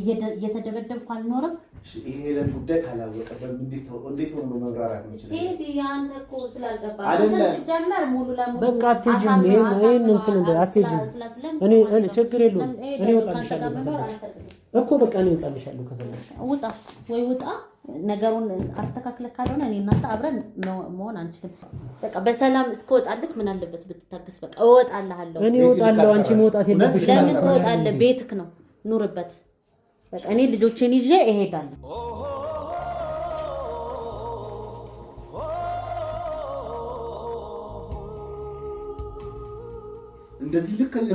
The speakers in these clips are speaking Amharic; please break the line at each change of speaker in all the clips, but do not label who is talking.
እየተደበደብኩ አልኖርም።
ይሄንን ጉዳይ ካላወቀ እንዴት ነው መብራራት የሚችለው?
ያንተ እኮ ስላልገባ ጀመር ሙሉ ለሙሉ
በቃ አትሄጂም። በቃ እኔ እወጣልሻለሁ።
ውጣ ወይ ውጣ። ነገሩን አስተካክለ ካልሆነ እኔ እናንተ አብረን መሆን አንችልም። በቃ በሰላም እስከወጣልክ ምን አለበት ብትታገስ። በቃ እወጣልሃለሁ።
እኔ እወጣለሁ። አንቺ መውጣት የለብሽም።
ለምን ትወጣለህ? ቤትክ ነው ኑርበት። በቃ እኔ ልጆቼን ይዤ እሄዳለሁ።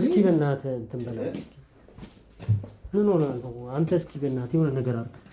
እስኪ በእናትህ እንትን በላት። ምን ሆነ? አንተ? እስኪ በእናትህ የሆነ ነገር አድርግ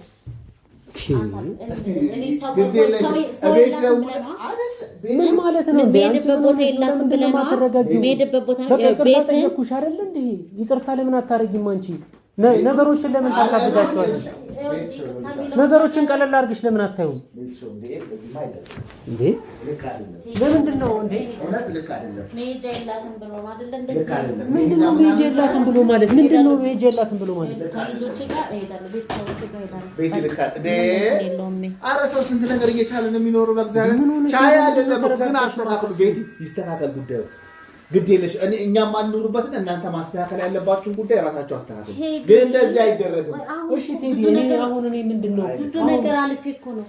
ምን ማለት ነው? በሄድበት ቦታ የላትም ብለህ ነው። በሄድበት ቦታ ቤት ይቅርታ ለምን አታረጊም አንቺ? ነገሮችን ለምን ታካብዳቸዋለሽ? ነገሮችን ቀለል አድርግሽ ለምን አታዩም እንዴ? ለምንድን ነው እንዴ? ምንድን ነው መሄጃ የላትም ብሎ ማለት? ምንድን ነው መሄጃ የላትም ብሎ ማለት?
ኧረ ሰው ስንት ነገር እየቻለ ነው የሚኖረው። ለእግዚአብሔር ቻይ አይደለም ግን አስተካክሉ፣ ቤት ይስተካከል ጉዳዩ ግድ የለሽ እኔ እኛም አንኖርበትን እናንተ ማስተካከል ያለባችሁን ጉዳይ ራሳቸው አስተካከል። ግን እንደዚህ አይደረግም።
አሁን እኔ ምንድን ነው
ብዙ ነገር አልፌ እኮ ነው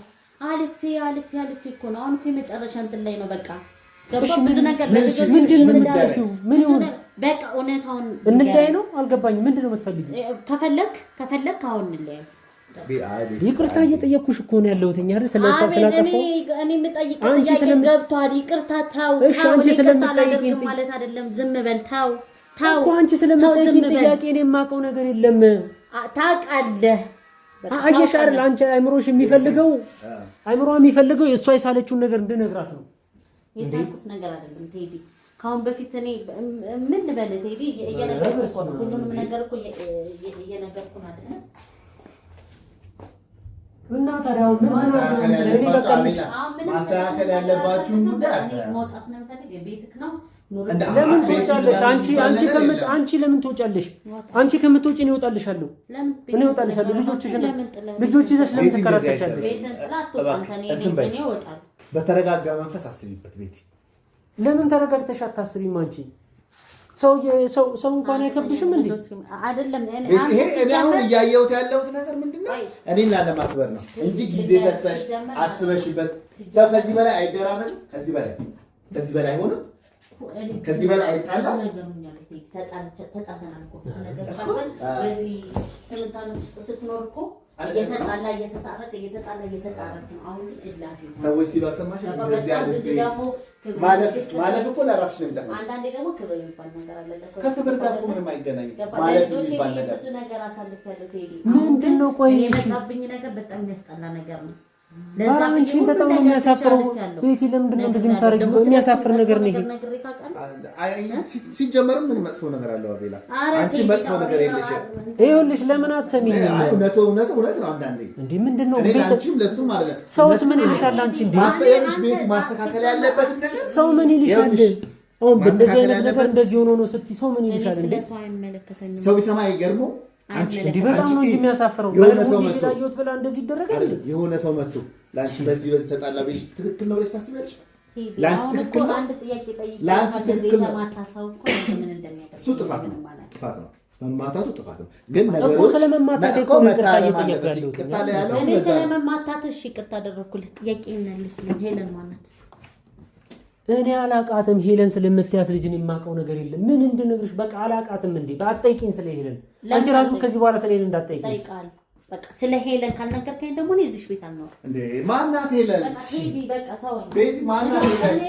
አልፌ አልፌ አልፌ እኮ ነው። አሁን የመጨረሻ እንትን ላይ ነው በቃ በቃ እውነታውን
እንለያይ ነው። አልገባኝም። ምንድን ነው የምትፈልጊው? አሁን እንለያይ ይቅርታ እየጠየቅኩሽ እኮ ነው ያለሁት። እኛ አይደል ስለጠፋው
እኔ የምጠይቀው ጥያቄ ገብቶሃል? ይቅርታ ተው ተው። እኔ ይቅርታ አላደርግም ማለት አይደለም። ዝም በል ታው ታው። እኮ
አንቺ ስለምጠይቂኝ ጥያቄ እኔ የማውቀው ነገር የለም።
ታውቃለህ
አየሽ አይደል? አንቺ አይምሮሽ የሚፈልገው አይምሮ የሚፈልገው እሷ የሳለችውን ነገር እንድነግራት ነው።
የሳልኩት ነገር አይደለም ቴዲ ከአሁን በፊት እኔ ምን ልበልህ ቴዲ፣ እየነገርኩ ነው ሁሉንም ነገር እኮ እየነገርኩህ አይደለም
ማስተካከል ያለባችሁን ጉዳይ
ለምን አንቺ ለምን ትወጫለሽ? አንቺ ከምትወጪ እኔ እወጣልሻለሁ፣ እኔ እወጣልሻለሁ። ልጆችሽን ልጆች ይዘሽ ለምን ትከራከቻለሽ?
በተረጋጋ መንፈስ አስቢበት። ቤቲ
ለምን ተረጋግተሽ አታስቢም አንቺ? ሰው ሰው እንኳን አይከብድሽም እንዴ?
አይደለም። እኔ እኔ አሁን እያየሁት ያለሁት ነገር ምንድነው? ነው? እኔና ለማክበር ነው እንጂ ጊዜ ሰጥተሽ አስበሽበት። ሰው ከዚህ በላይ አይደራረግም። ከዚህ በላይ ከዚህ በላይ ሆነ ከዚህ በላይ አይጣላም። ተጣልተናል እኮ ነገር በዚህ ስምንት ዓመት ውስጥ ስትኖር እኮ እየተጣላ እየተጣረቅ እየተጣላ እየተጣረቅ ነው። አሁን እላፊ ሰዎች ሲሉ አልሰማሽም? ማለፍ እኮ ለራስሽ ነው የሚጠቅመው። አንዳንዴ ደግሞ ክብር የሚባል ነገር አለ። ከክብር ጋር እኮ ምንም አይገናኝም። ማለፍ የሚባል ነገር ብዙ ነገር አሳልፍ
ያለው ምንድን ነው? ቆይ የመጣብኝ ነገር በጣም የሚያስጠላ ነገር ነው። አንቺን በጣም ነው የሚያሳፍረው። ቤቲ ለምንድን ነው እንደዚህ የምታደርጊው? የሚያሳፍር ነገር ነው ይሄ።
ሲጀመርም ምን መጥፎ ነገር አለው? አቤላ አንቺ መጥፎ ነገር የለሽም።
ይኸውልሽ ለምን አትሰሚኝም?
እውነት እውነት እውነት ነው። አንዳንዴ
እንደ ምንድን ነው ሰውስ ምን ይልሻል? አንቺ
ማስተካከል ያለበት ነገር
ሰው ምን ይልሻል? አሁን በእንደዚህ አይነት ነገር እንደዚህ ሆኖ ነው ስትይ ሰው ምን ይልሻል? እንደ
ሰው ቢሰማ አይገርመው እንዲህ
በጣም ነው እንጂ የሚያሳፍረው። ብላ እንደዚህ ይደረጋል።
የሆነ ሰው መቶ ለአንቺ በዚህ በዚህ ተጣላ ቢልሽ ትክክል ነው ብለሽ ታስቢያለሽ?
ለአንቺ ትክክል ነው።
እሱ ጥፋት ነው፣ ጥፋት ነው። መማታቱ ጥፋት ነው።
ግን ነገሮች ስለመማታት ያለው
ስለመማታት፣ እሺ ጥያቄ ይመልስልኝ ሄለን ማናት?
እኔ አላቃትም። ሄለን ስለምትያት ልጅን የማውቀው ነገር የለም። ምን እንድነግርሽ በቃ አላቃትም። እንዴ በአጠይቂኝ ስለ ሄለን አንቺ ራሱ ከዚህ በኋላ ስለ ሄለን እንዳጠይቂ
ስለ ሄለን ካልነገርከኝ ደግሞ እኔ እዚህ ቤት አልኖርም።
እንዴ ማናት ሄለን? ቤት ማናት ሄለን?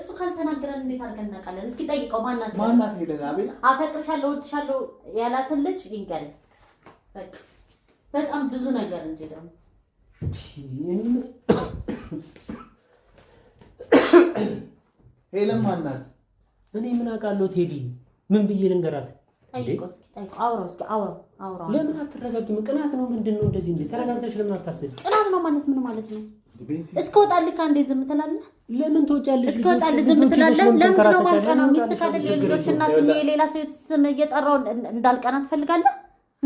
እሱ ካልተናገረን እንዴት አድርገን እናውቃለን? እስኪ ጠይቀው። ማናት
ማናት ሄለን? አቤል
አፈቅርሻለሁ፣ እወድሻለሁ ያላትን ልጅ ይንገር። በጣም ብዙ ነገር እንጂ ደግሞ
ሄለን ማናት?
እኔ ምን አውቃለሁ ቴዲ፣ ምን ብዬ ልንገራት? ለምን አትረጋጊም? ቅናት ነው ምንድን ነው እንደዚህ? እንዴ ተረጋግተሽ ለምን አታስብ?
ቅናት ነው ማለት ምን ማለት ነው? እስከወጣልህ ከአንዴ ዝም ትላለህ።
ለምን ትወጫለሽ?
እስከወጣልህ ዝም ትላለህ። ለምንድን ነው የማልቀናው? ሚስት ካደል የልጆች እናት የሌላ ሰው ስም እየጠራው እንዳልቀና ትፈልጋለህ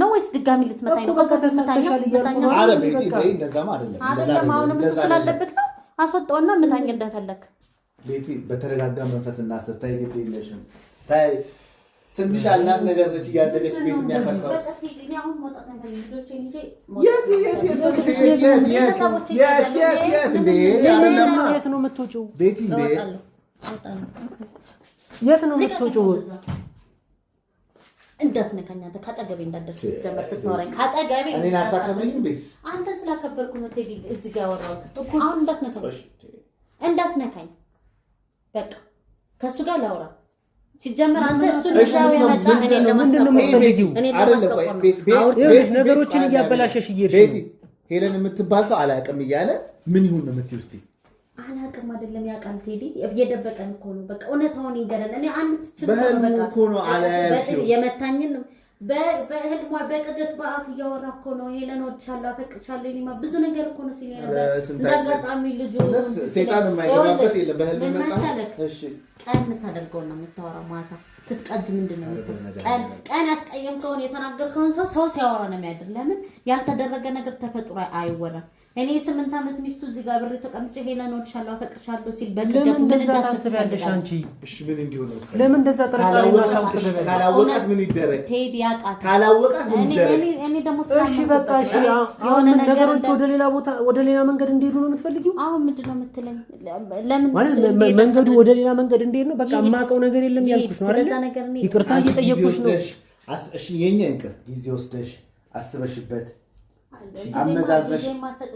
ነው ወይስ ድጋሚ ልትመታኝ ነው? ከተሳሳሻል እያልኩ ነው። አሁንም እሱ ስላለበት ነው። አስወጣውና ምታኝ እንደፈለግ
ቤቲ በተረጋጋ መንፈስ እናስብ። ታይ ግድ የለሽም ታይ ትንሽ አላት ነገር ነች እያደገች ቤት የሚያፈርሰው የት ነው የምትወጪው? ቤቲ
የት ነው የምትወጪው?
እንዳትነካኝ አንተ እንዳትደርስ። ስትኖረኝ ካጠገቤ
እኔን አታከብረኝም። ቤት
አንተ ስላከበርኩ ነው እዚህ ጋር ያወራሁት። አሁን እንዳትነካኝ እንዳትነካኝ በቃ ከእሱ ጋር ላውራ። ሲጀመር አንተ እሱን ይዛው
ነገሮችን እያበላሸሽ እየሄድሽ
ነው። ሄለን የምትባል ሰው አላውቅም እያለ ምን ይሁን ነው የምትይው? እስኪ
አላውቅም አይደለም ያውቃል። ቴዲ የደበቀን እኮ ነው። በቃ እውነታውን ይንገረን። እኔ አንድ ትችል በቃ የመታኝን በህልሟ በቅዠት በአፍ እያወራ እኮ ነው። ሄለን እወድሻለሁ፣ አፈቅርሻለሁ እኔማ ብዙ ነገር እኮ ነው ሲለኝ ነበር። እንዳጋጣሚ ልጁ
ሴጣን የማይገባበት የለም። በህልም መጣ
ቀን የምታደርገውን ነው የምታወራው ማታ ስትቀጅ ምንድን ነው ቀን ያስቀየምከውን የተናገርከውን ሰው ሰው ሲያወራ ነው የሚያድር። ለምን ያልተደረገ ነገር ተፈጥሮ አይወራም። እኔ የስምንት ዓመት ሚስቱ እዚህ ጋር ብሬ ተቀምጬ ሄለን እወድሻለሁ፣ አፈቅርሻለሁ ሲል ለምን
ወደ ሌላ መንገድ እንዲሄዱ ነው የምትፈልጊው።
አሁን ምንድን ነው የምትለኝ?
መንገዱ ወደ ሌላ መንገድ እንዲሄድ ነው በቃ የማውቀው ነገር የለም ያልኩሽ ነው ለዛ ነገር ይቅርታ እየጠየኩሽ ነው።
እሺ የኛ ይቅር ጊዜ ወስደሽ አስበሽበት አመዛዝበሽ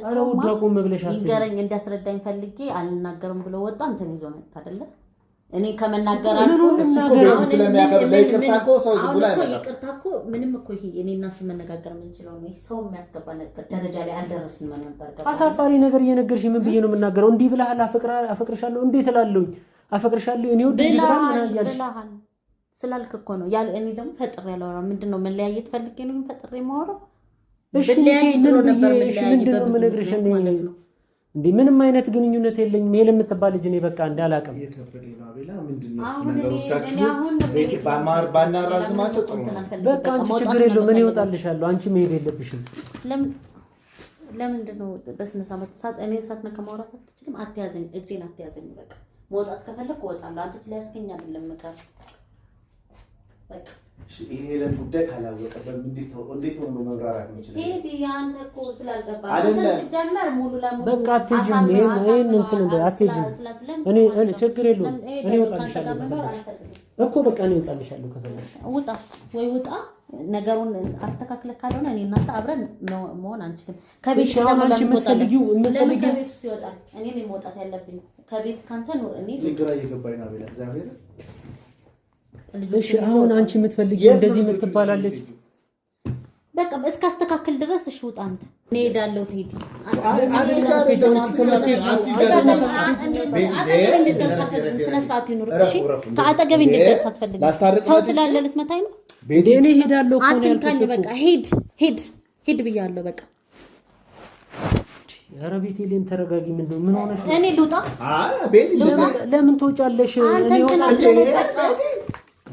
አለውዳቁም ብለሽ
ይገረኝ እንዲያስረዳኝ ፈልጌ አልናገርም ብሎ ወጣ። አንተን ይዞ መጣ አይደለ? እኔ ከመናገር ይቅርታ እኮ ምንም እኮ ይሄ እኔ እና እሱ መነጋገር የምንችለው ነው። ሰው የሚያስገባ ነበር ደረጃ ላይ አልደረስንም ነበር።
አሳፋሪ ነገር እየነገርሽ ምን ብዬ ነው የምናገረው? እንዲህ ብለሃል፣ አፈቅርሻለሁ እንዴት እላለሁኝ? አፈቅርሻለሁ እኔ ወድ
ብለሃል ስላልክ እኮ ነው ያለ። እኔ ደግሞ ፈጥሬ ያለራ ምንድን ነው መለያየት ፈልጌ ነው ፈጥሬ የማወራው።
ምንም አይነት ግንኙነት የለኝም። ሄል የምትባል ልጅ እኔ በቃ እንደ አላውቅም። በቃ አንቺ ችግር የለውም ምን እወጣልሻለሁ። አንቺ መሄድ የለብሽም።
ለምንድን ነው በስነ ስርዓት እኔን ሳትነካ ማውራት አትችልም። አትያዘኝ፣ እጄን አትያዘኝ። በቃ መውጣት ከፈለግ እወጣለሁ። አንተ ስለያዝከኝ አይደለም
ይሄንን ጉዳይ ካላወቀ እንዴት ነው እንዴት ነው መብራራት የሚችለው? ያንተ እኮ አይደለም። ሲጀመር
ሙሉ ለሙሉ በቃ አትሄጂም። ይሄን እንትን እንደ አትሄጂም። እኔ እኔ ችግር የለውም እኔ እወጣልሻለሁ እኮ በቃ እኔ እወጣልሻለሁ። ከፈለግሽ
ውጣ ወይ ውጣ። ነገሩን አስተካክለህ ካልሆነ እኔ እናንተ አብረን መሆን አንችልም።
ከቤት ለምን የምትፈልጊው
ለምን ከቤት ውስጥ ይወጣል? እኔ መውጣት ያለብኝ ከቤት ካንተ ኑር እኔ
ግራ እየገባኝ ነው። እግዚአብሔር
እሺ አሁን አንቺ የምትፈልጊ እንደዚህ የምትባላለች
በቃ እስካስተካከል ድረስ እሺ ውጣ አንተ። እኔ እሄዳለሁ። ትሄጂ ከአጠገቤ እንድትደርስ
አትፈልግም።
ሰው ስላለ ልትመታኝ ነው። እኔ እሄዳለሁ። በቃ ሂድ፣ ሂድ፣ ሂድ ብያለሁ። በቃ
ኧረ ቤቴሌም ተረጋጊ። ምንድን ምን ሆነሽ? እኔ ልውጣ? ለምን ትወጫለሽ?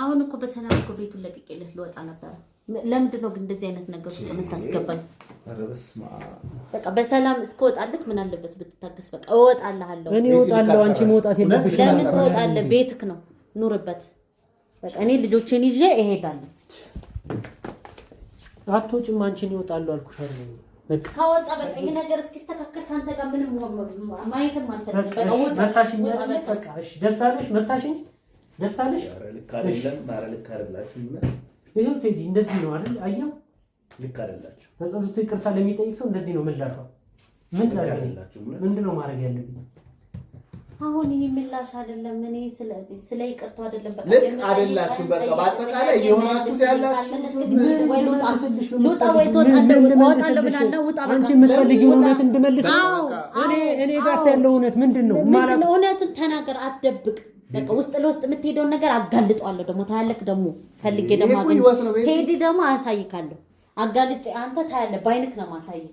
አሁን እኮ በሰላም እኮ ቤቱን ለቅቄለት ልወጣ ነበረ። ለምንድን ነው ግን እንደዚህ አይነት ነገር ውስጥ የምታስገባኝ? በቃ በሰላም እስከወጣልክ ምን አለበት ብትታገስ። በቃ እወጣልሃለሁ።
እኔ እወጣለሁ። አንቺ መውጣት የለብሽ።
ለምን ትወጣለህ? ቤትክ ነው፣ ኑርበት። በቃ እኔ ልጆቼን ይዤ እሄዳለሁ።
አትወጪም። አንቺን እወጣለሁ አልኩሽ አይደል?
በቃ ከወጣ በቃ ይሄ ነገር እስኪስተካከል ከአንተ ጋር ምንም ማየትም
አልፈልግም። በቃ መታሽኝ። በቃ እሺ፣ ደስ አለሽ? መታሽኝ ደስ አለሽ? ይኸው ቴዲ እንደዚህ ነው አይደል? አየኸው፣
ልክ አይደላችሁ።
ተጸጽቶ ይቅርታ ለሚጠይቅ ሰው እንደዚህ ነው ምላሿ። ምን ምንድን ነው ማድረግ ያለብኝ?
አሁን ይህ ምላሽ አይደለም። እኔ ስለ ይቅርታ አይደለም።
በቃ ልክ አይደላችሁ። በቃ በአጠቃላይ የሆናችሁት ያላችሁ
ወይ ልውጣ ልውጣ ወይ ትወጣለህ እወጣለሁ ብላና ውጣ።
በቃ አንቺ የምትፈልጊው እውነት እንድመልስ እኔ እኔ ጋር ያለው እውነት ምንድን ነው?
እውነቱን ተናገር፣ አትደብቅ በቃ ውስጥ ለውስጥ የምትሄደውን ነገር አጋልጠዋለሁ። ደግሞ ታያለህ። ደግሞ ፈልጌ ደግሞ ቴዲ ደግሞ አያሳይካለሁ። አጋልጭ አንተ ታያለህ። በአይነት ነው ማሳይክ።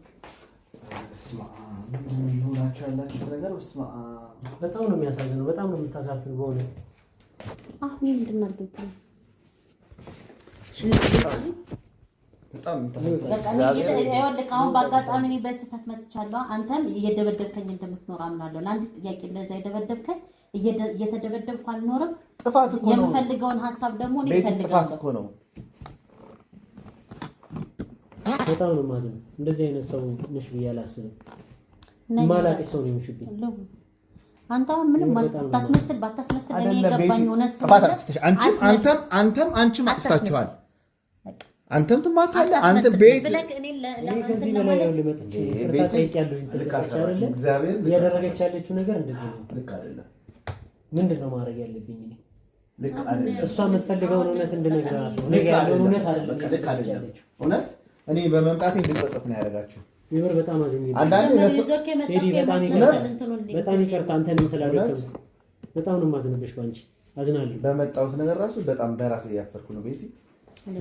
በጣም ነው የሚያሳዝነው። በጣም ነው የምታሳፍር። በሆነ
አሁን ምንድን ነው አልገባኝም። አሁን በአጋጣሚ እኔ በስህተት መጥቻለሁ። አንተም እየደበደብከኝ እንደምትኖር አምናለሁ። ለአንድ ጥያቄ እንደዛ የደበደብከኝ እየተደበደብኩ አልኖርም። ጥፋት እኮ ነው። የምፈልገውን ሀሳብ ደግሞ እኔ
እፈልጋለሁ። ጥፋት እኮ ነው።
በጣም ነው የማዝነው። እንደዚህ አይነት ሰው ነሽ ብዬ አላስብም። ማላውቅሽ ሰው ነው የምሽብኝ።
አንተ ምንም ታስመስል ባታስመስል እኔ የገባኝ
እውነት አንተም አንተም አንቺም አጥፍታችኋል። አንተም ትማታለህ። አንተ ቤት ያለችው ነገር
እንደዚህ ነው። ልክ አይደለም። ምንድን ነው ማድረግ ያለብኝ? እሷ የምትፈልገውን እውነት እንድነግራት ነው። ያለውን እውነት
እውነት እኔ በመምጣቴ እንድጸጸት ነው ያደረጋችሁ።
የምር በጣም አዝኜ ይቅርታ። አንተንም ስላደረግኩ በጣም ነው የማዝንብሽ። በአንቺ አዝናለሁ።
በመጣሁት ነገር ራሱ በጣም በራሴ እያፈርኩ ነው ቤቲ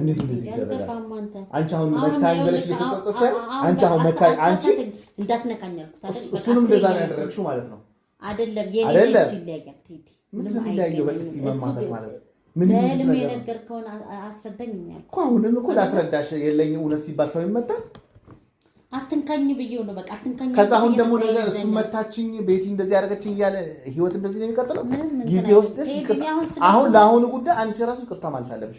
እንዴት እንደዚህ ይደረጋል? አንቺ አሁን መታኝ ብለሽ አንቺ አሁን መታኝ አንቺ
እንዳትነካኛል።
እሱንም እንደዛ ነው ያደረግሽው ማለት ነው
አይደለም ይለያል።
ምንም በጥፊ መማታት ማለት
የነገርከውን አስረዳኝ
እኮ አሁንም እኮ ላስረዳሽ የለኝም። እውነት ሲባል ሰው ይመጣል።
አትንካኝ ብዬው ነው በቃ አትንካኝ።
ከዛ አሁን ደግሞ ነገ እሱ መታችኝ፣ ቤቲ እንደዚህ አደረገችኝ እያለ ህይወት እንደዚህ ነው የሚቀጥለው። ጊዜ አሁን ለአሁኑ ጉዳይ አንቺ ራሱ ይቅርታ ማለት አለብሽ።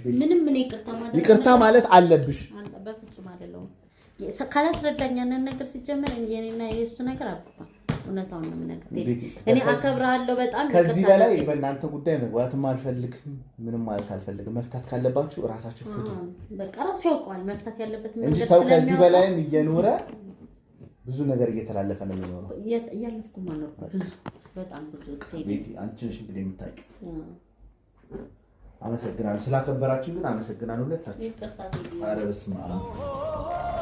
ይቅርታ ማለት አለብሽ።
በፍጹም ካላስረዳኝ ያንን ነገር ሲጀመር የሱ ነገር አብቅቷል። እውነታውን ነው የምነግርህ። እኔ አከብርሃለሁ በጣም
ከዚህ በላይ በእናንተ ጉዳይ መግባትም አልፈልግም፣ ምንም ማለት አልፈልግም። መፍታት ካለባችሁ እራሳችሁ ፍቱ።
በቃ ራሱ ያውቀዋል መፍታት ያለበት
እንጂ ሰው ከዚህ በላይም እየኖረ ብዙ ነገር እየተላለፈ ነው የሚኖረው።
እያለፍኩ ማኖር በጣም ብዙ
አንቺ ነሽ እንግዲህ አመሰግናለሁ ስላከበራችሁ፣ ግን አመሰግናለሁ ሁለታችሁ። ኧረ በስመ አብ